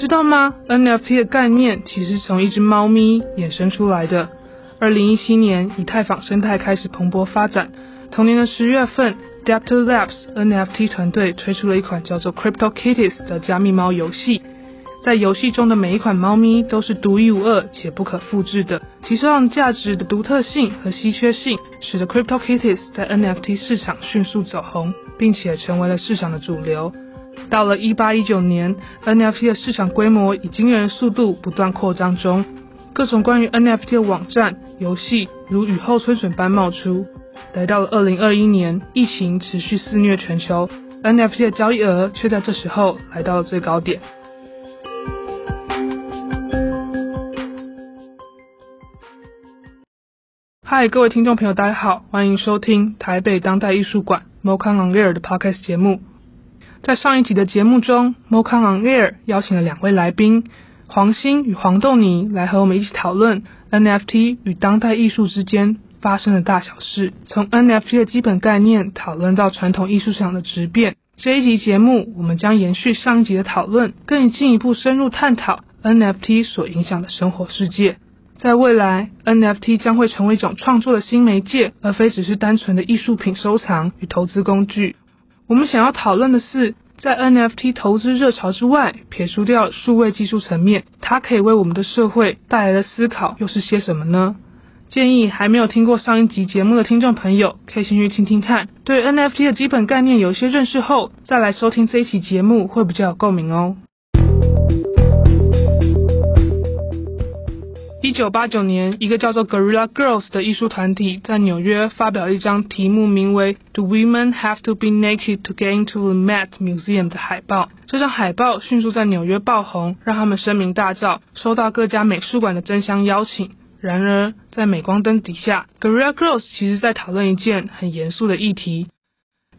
知道嗎？NFT 的概念其實從一隻貓咪衍生出來的。二零一七年，以太坊生態開始蓬勃發展。同年的十月份，Depto Labs NFT 團隊推出了一款叫做 Crypto Kitties 的加密貓遊戲。在遊戲中的每一款貓咪都是獨一無二且不可複製的，提升了價值的獨特性和稀缺性，使得 Crypto Kitties 在 NFT 市場迅速走紅，並且成為了市場的主流。到了一八一九年，NFT 的市場規模以驚人的速度不斷擴張中，各種關於 NFT 的網站、遊戲如雨後春筍般冒出。來到了二零二一年，疫情持續肆虐全球，NFT 的交易額卻在這時候來到了最高點。嗨，各位聽眾朋友，大家好，歡迎收聽台北當代藝術館 MoCA on Air 的 Podcast 節目。在上一集的節目中，《MoCA ON AIR》邀請了兩位來賓黃興與黃豆泥來和我們一起討論 NFT 與當代藝術之間發生的大小事，從 NFT 的基本概念討論到傳統藝術市場的質變。這一集節目我們將延續上一集的討論，更進一步深入探討 NFT 所影響的生活世界。在未來，NFT 將會成為一種創作的新媒介，而非只是單純的藝術品收藏與投資工具。我們想要討論的是，在 NFT 投資熱潮之外，撇除掉數位技術層面，它可以為我們的社會帶來的思考又是些什麼呢？建議還沒有聽過上一集節目的聽眾朋友，可以先去聽聽看，對 NFT 的基本概念有一些認識後再來收聽這一期節目，會比較有共鳴哦。一九八九年，一個叫做 Guerrilla Girls 的藝術團體在紐約發表一張題目名為《Do Women Have to Be Naked to Get Into the Met Museum》的海報。這張海報迅速在紐約爆紅，讓他們聲名大噪，收到各家美術館的爭相邀請。然而，在鎂光燈底下，Guerrilla Girls 其實在討論一件很嚴肅的議題。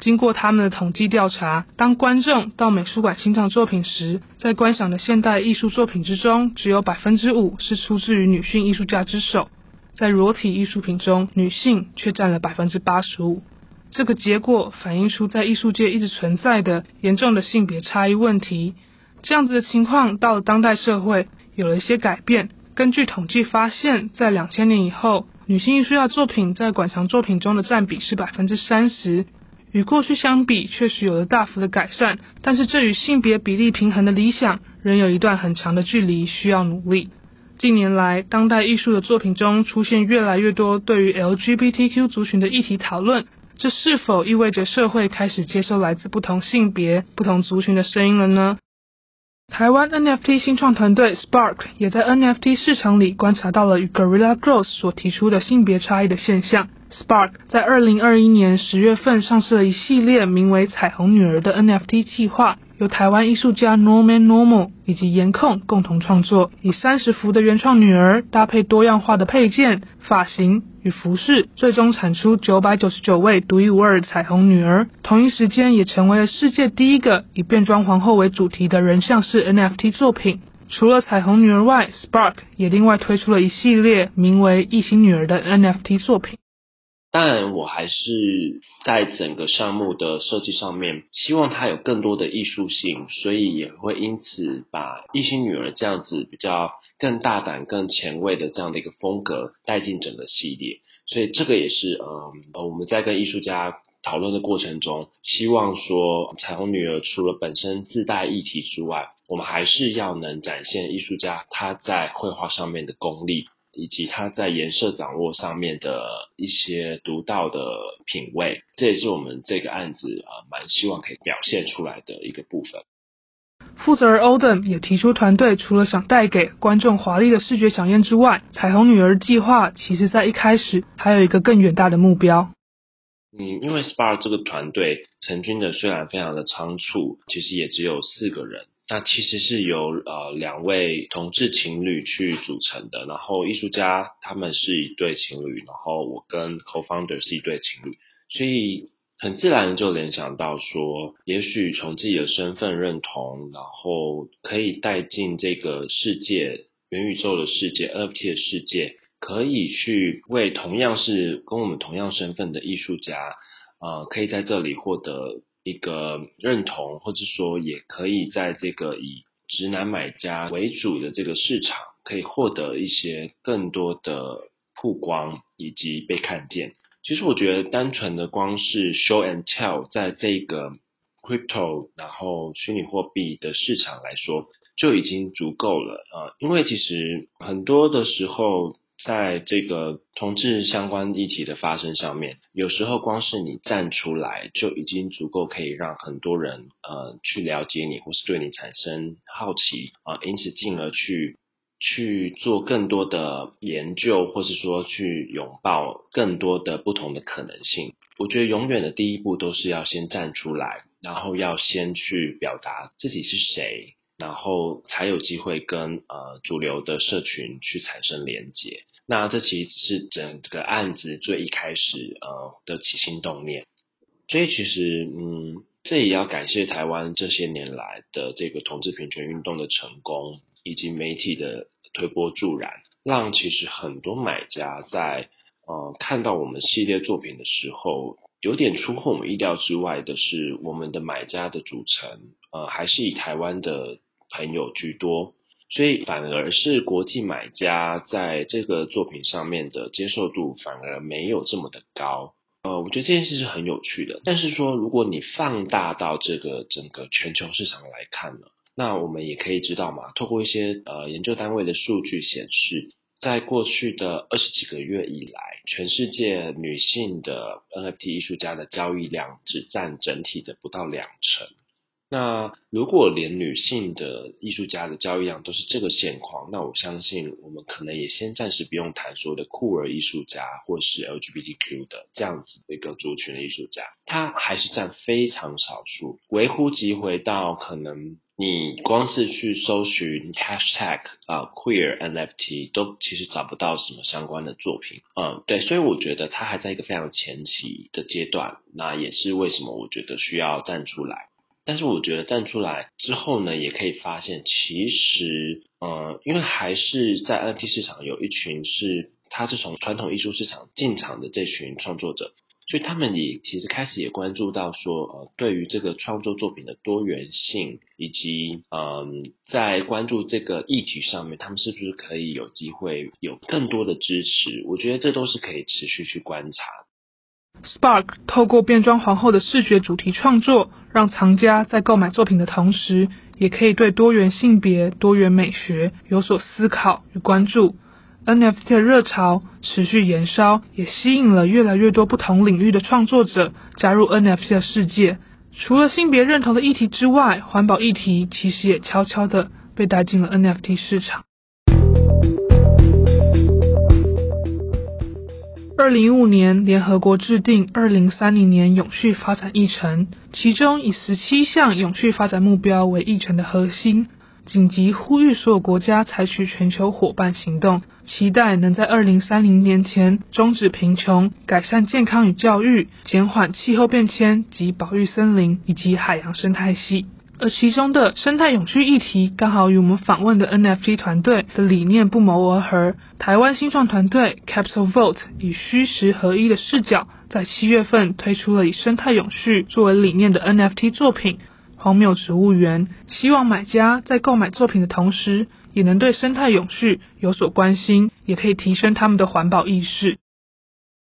經過他們的統計調查，當觀眾到美術館欣賞作品時，在觀賞的現代藝術作品之中，只有百分之五是出自於女性藝術家之手。在裸體藝術品中，女性卻占了百分之八十五。這個結果反映出在藝術界一直存在的嚴重的性別差異問題。這樣子的情況到了當代社會，有了一些改變。根據統計發現，在兩千年以後，女性藝術家作品在館藏作品中的占比是百分之三十。與過去相比，確實有了大幅的改善，但是這與性別比例平衡的理想仍有一段很長的距離，需要努力。近年來，當代藝術的作品中出現越來越多對於 LGBTQ 族群的議題討論，這是否意味着社會開始接受來自不同性別、不同族群的聲音了呢？台灣 NFT 新創團隊 Spark 也在 NFT 市場裡觀察到了與 Guerrilla Girls 所提出的性別差異的現象。Spark 在二零二一年十月份上市了一系列名為“彩虹女兒”的 NFT 計劃，由台灣藝術家 Norman Normal 以及顏控共同創作，以三十幅的原創女兒搭配多樣化的配件、髮型與服飾，最終產出九百九十九位獨一無二的彩虹女兒。同一時間也成為了世界第一個以變裝皇后為主題的人像式 NFT 作品。除了彩虹女兒外，Spark 也另外推出了一系列名為“異星女兒”的 NFT 作品。但我還是在整個項目的設計上面，希望它有更多的藝術性，所以也會因此把《異星女兒》這樣子比較更大膽、更前衛的這樣的一個風格帶進整個系列。所以這個也是，嗯，我們在跟藝術家討論的過程中，希望說《彩虹女兒》除了本身自帶議題之外，我們還是要能展現藝術家他在繪畫上面的功力。以及他在顏色掌握上面的一些獨到的品味，這也是我們這個案子啊、呃，蠻希望可以表現出來的一個部分。負責人 Oden 也提出，團隊除了想帶給觀眾華麗的視覺饗宴之外，彩虹女兒計劃其實在一開始還有一個更遠大的目標。嗯，因為 SPARK 這個團隊成軍的雖然非常的倉促，其實也只有四個人。那其實是由呃兩位同志情侶去組成的，然後藝術家他們是一對情侶，然後我跟 co-founder 是一對情侶，所以很自然的就聯想到說，也許從自己的身份認同，然後可以帶進這個世界，元宇宙的世界 NFT 的世界，可以去為同樣是跟我們同樣身份的藝術家，呃，可以在這裡獲得。一個認同，或者說也可以在這個以直男買家為主的這個市場，可以獲得一些更多的曝光以及被看見。其實我覺得，單純的光是 show and tell，在這個 crypto 然後虛擬貨幣的市場來說，就已經足夠了啊、呃，因為其實很多的時候。在這個同志相關議題的發生上面，有時候光是你站出來，就已經足夠可以讓很多人呃去了解你，或是對你產生好奇啊，呃，因此進而去去做更多的研究，或是說去擁抱更多的不同的可能性。我覺得永遠的第一步都是要先站出來，然後要先去表達自己是誰。然後才有機會跟呃主流的社群去產生連結。那這其實是整個案子最一開始呃的起心動念。所以其實嗯，這也要感謝台灣這些年來的這個同志平權運動的成功，以及媒體的推波助瀾，讓其實很多買家在呃看到我們系列作品的時候，有點出乎我們意料之外的是，我們的買家的組成呃還是以台灣的。朋友居多，所以反而是國際買家在這個作品上面的接受度反而沒有這麼的高。呃，我覺得這件事是很有趣的。但是說，如果你放大到這個整個全球市場來看呢，那我們也可以知道嘛，透過一些呃研究單位的數據顯示，在過去的二十幾個月以來，全世界女性的 NFT 藝術家的交易量只佔整體的不到兩成。那如果連女性的藝術家的交易量都是這個現況，那我相信我們可能也先暫時不用談說的酷兒藝術家或是 LGBTQ 的這樣子的一個族群的藝術家，他還是占非常少數，微乎其微到可能你光是去搜尋 Hashtag 啊、uh, Queer NFT 都其實找不到什麼相關的作品，嗯，對，所以我覺得他還在一個非常前期的階段，那也是為什麼我覺得需要站出來。但是我覺得站出來之後呢，也可以發現，其實，呃，因為還是在 NFT 市場有一群是，他是從傳統藝術市場進場的這群創作者，所以他們也其實開始也關注到說，呃，對於這個創作作品的多元性，以及，嗯、呃，在關注這個議題上面，他們是不是可以有機會有更多的支持？我覺得這都是可以持續去觀察的。Spark 透過變裝皇後的視覺主題創作，讓藏家在購買作品的同時，也可以對多元性別、多元美學有所思考與關注。NFT 的熱潮持續延燒，也吸引了越來越多不同領域的創作者加入 NFT 的世界。除了性別認同的議題之外，環保議題其實也悄悄地被帶進了 NFT 市場。二零一五年，聯合國制定《二零三零年永續發展議程》，其中以十七項永續發展目標為議程的核心，緊急呼籲所有國家採取全球夥伴行動，期待能在二零三零年前終止貧窮、改善健康與教育、減緩氣候變遷及保育森林以及海洋生態系。而其中的生態永續議題，剛好與我們訪問的 NFT 團隊的理念不謀而合。台灣新創團隊 Capsule Vault 以虛實合一的視角，在七月份推出了以生態永續作為理念的 NFT 作品《荒謬植物園》，希望買家在購買作品的同時，也能對生態永續有所關心，也可以提升他們的環保意識。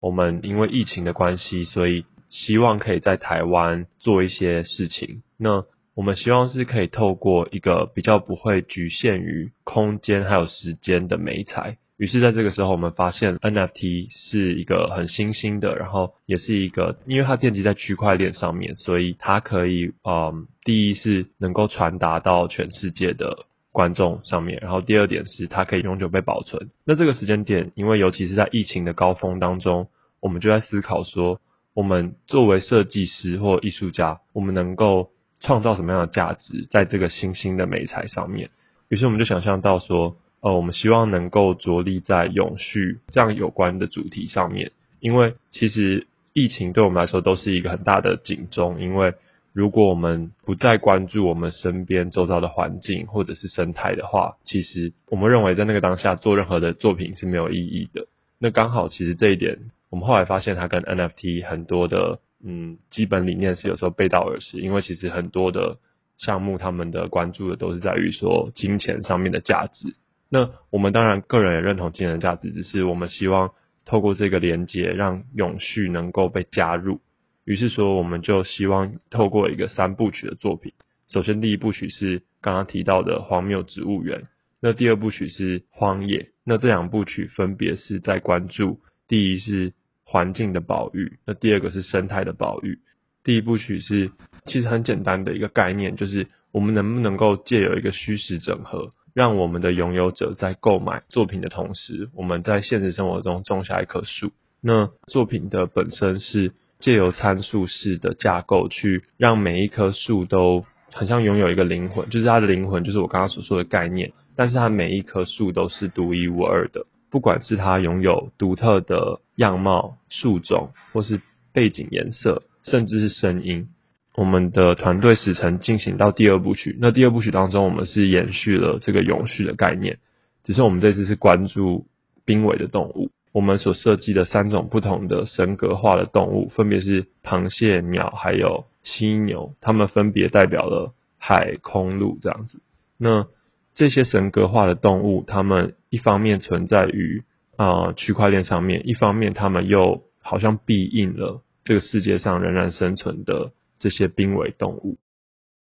我們因為疫情的關係，所以希望可以在台灣做一些事情。那我們希望是可以透過一個比較不會侷限於空間還有時間的媒材，於是在這個時候，我們發現 NFT 是一個很新興的，然後也是一個，因為它奠基在區塊鏈上面，所以它可以，嗯，第一是能夠傳達到全世界的觀眾上面，然後第二點是它可以永久被保存。那這個時間點，因為尤其是在疫情的高峰當中，我們就在思考說，我們作為設計師或藝術家，我們能夠創造什麼樣的價值在這個新興的媒材上面？於是我們就想象到說，呃，我們希望能夠着力在永續這樣有關的主題上面，因為其實疫情對我們來說都是一個很大的警鐘。因為如果我們不再關注我們身邊周遭的環境或者是生態的話，其實我們認為在那個當下做任何的作品是沒有意義的。那剛好，其實這一點我們後來發現它跟 NFT 很多的。嗯，基本理念是有時候背道而馳，因為其實很多的項目他們的關注的都是在於說金錢上面的價值。那我們當然個人也認同金錢的價值，只是我們希望透過這個連接，讓永續能夠被加入。於是說，我們就希望透過一個三部曲的作品，首先第一部曲是剛剛提到的荒謬植物園，那第二部曲是荒野，那這兩部曲分別是在關注第一是。環境的保育，那第二個是生態的保育。第一部曲是其實很簡單的一個概念，就是我們能不能夠借由一個虛實整合，讓我們的擁有者在購買作品的同時，我們在現實生活中種下一棵樹。那作品的本身是借由參數式的架構去讓每一棵樹都很像擁有一個靈魂，就是它的靈魂就是我剛剛所說的概念，但是它每一棵樹都是獨一無二的。不管是它擁有獨特的樣貌、樹種，或是背景顏色，甚至是聲音，我們的團隊時程進行到第二部曲。那第二部曲當中，我們是延續了這個永續的概念，只是我們這次是關注瀕危的動物。我們所設計的三種不同的神格化的動物，分別是螃蟹、鳥還有犀牛，它們分別代表了海、空、陸這樣子。那這些神格化的動物，它們，一方面存在於啊，區塊鏈上面，一方面他們又好像庇應了這個世界上仍然生存的這些瀕危動物。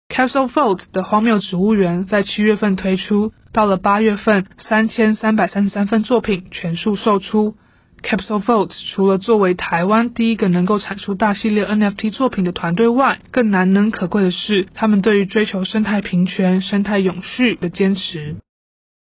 Capsule Vault 的荒謬植物園在七月份推出，到了八月份，三千三百三十三份作品全數售出。Capsule Vault 除了作為台灣第一個能夠產出大系列 NFT 作品的團隊外，更難能可貴的是，他們對於追求生態平權、生態永續的堅持。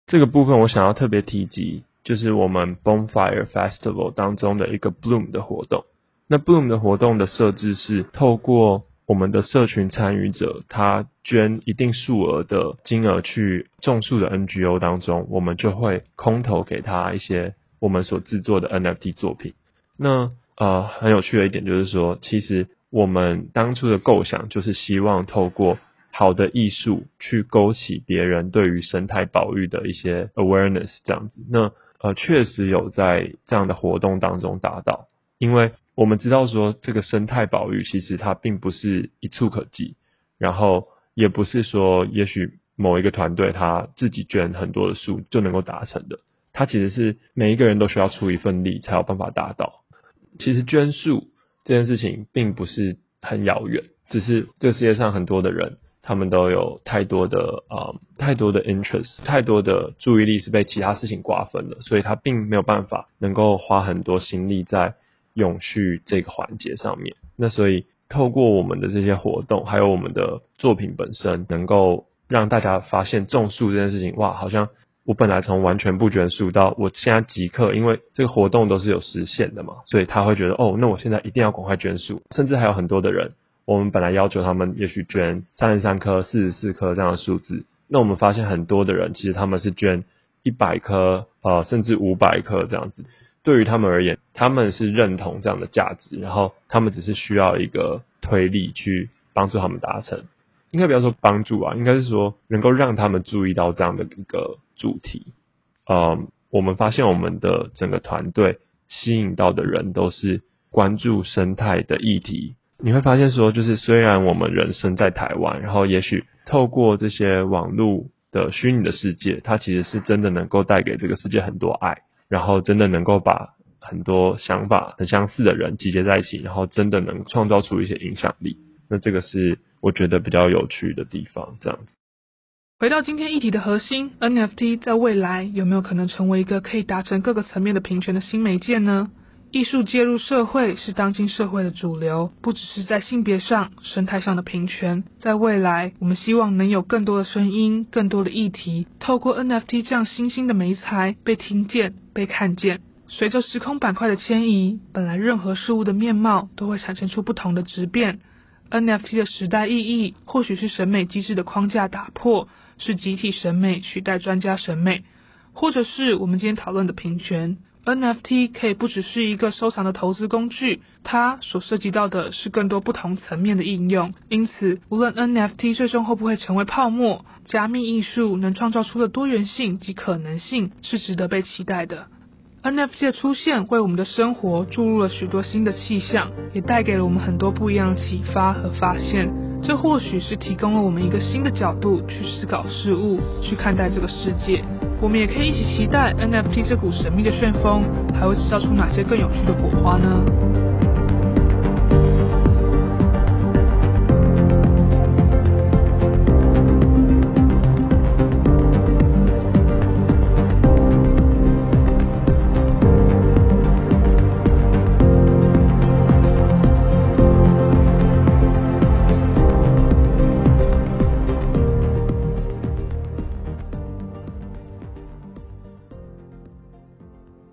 這個部分我想要特別提及，就是我們 Bonfire Festival 當中的一個 Bloom 的活動。那 Bloom 的活動的設置是透過我們的社群參與者，他捐一定數額的金額去種樹的 NGO 當中，我們就會空投給他一些我們所製作的 NFT 作品。那呃，很有趣的一點就是說，其實我們當初的構想就是希望透過好的藝術去勾起別人對於生態保育的一些 awareness，這樣子，那呃確實有在這樣的活動當中達到，因為我們知道說這個生態保育其實它並不是一蹴可及，然後也不是說也許某一個團隊他自己捐很多的樹就能夠達成的，它其實是每一個人都需要出一份力才有辦法達到。其實捐樹這件事情並不是很遙遠，只是這個世界上很多的人，他們都有太多的呃太多的 interest，太多的注意力是被其他事情瓜分了，所以他並沒有辦法能夠花很多心力在永續這個環節上面。那所以透過我們的這些活動，還有我們的作品本身，能夠讓大家發現種樹這件事情，哇，好像我本來從完全不捐樹到我現在即刻，因為這個活動都是有時限的嘛，所以他會覺得哦，那我現在一定要趕快捐樹，甚至還有很多的人。我們本來要求他們，也許捐三十三顆、四十四顆這樣的數字，那我們發現很多的人，其實他們是捐一百顆，呃，甚至五百顆這樣子。對於他們而言，他們是認同這樣的價值，然後他們只是需要一個推力去幫助他們達成。應該不要說幫助啊，應該是說能夠讓他們注意到這樣的一個主題。嗯，我們發現我們的整個團隊吸引到的人都是關注生態的議題。你會發現說，就是雖然我們人生在台灣，然後也許透過這些網絡的虛擬的世界，它其實是真的能夠帶給這個世界很多愛，然後真的能夠把很多想法很相似的人集結在一起，然後真的能創造出一些影響力。那這個是我覺得比較有趣的地方，這樣子。回到今天議題的核心，NFT 在未來有沒有可能成為一個可以達成各個層面的平權的新媒介呢？藝術介入社會是當今社會的主流，不只是在性別上、生態上的平權，在未來，我們希望能有更多的聲音、更多的議題，透過 NFT 這樣新興的媒材被聽見、被看見。隨着時空板塊的遷移，本來任何事物的面貌都會產生出不同的質變。NFT 的時代意義，或許是審美機制的框架打破，是集體審美取代專家審美，或者是我們今天討論的平權。NFT 可以不只是一個收藏的投資工具，它所涉及到的是更多不同層面的應用。因此，無論 NFT 最終會不會成為泡沫，加密藝術能創造出的多元性及可能性是值得被期待的。NFT 的出現為我們的生活注入了許多新的氣象，也帶給了我們很多不一樣的啟發和發現。這或許是提供了我們一個新的角度去思考事物，去看待這個世界。我們也可以一起期待 NFT 這股神秘的旋風，還會製造出哪些更有趣的火花呢？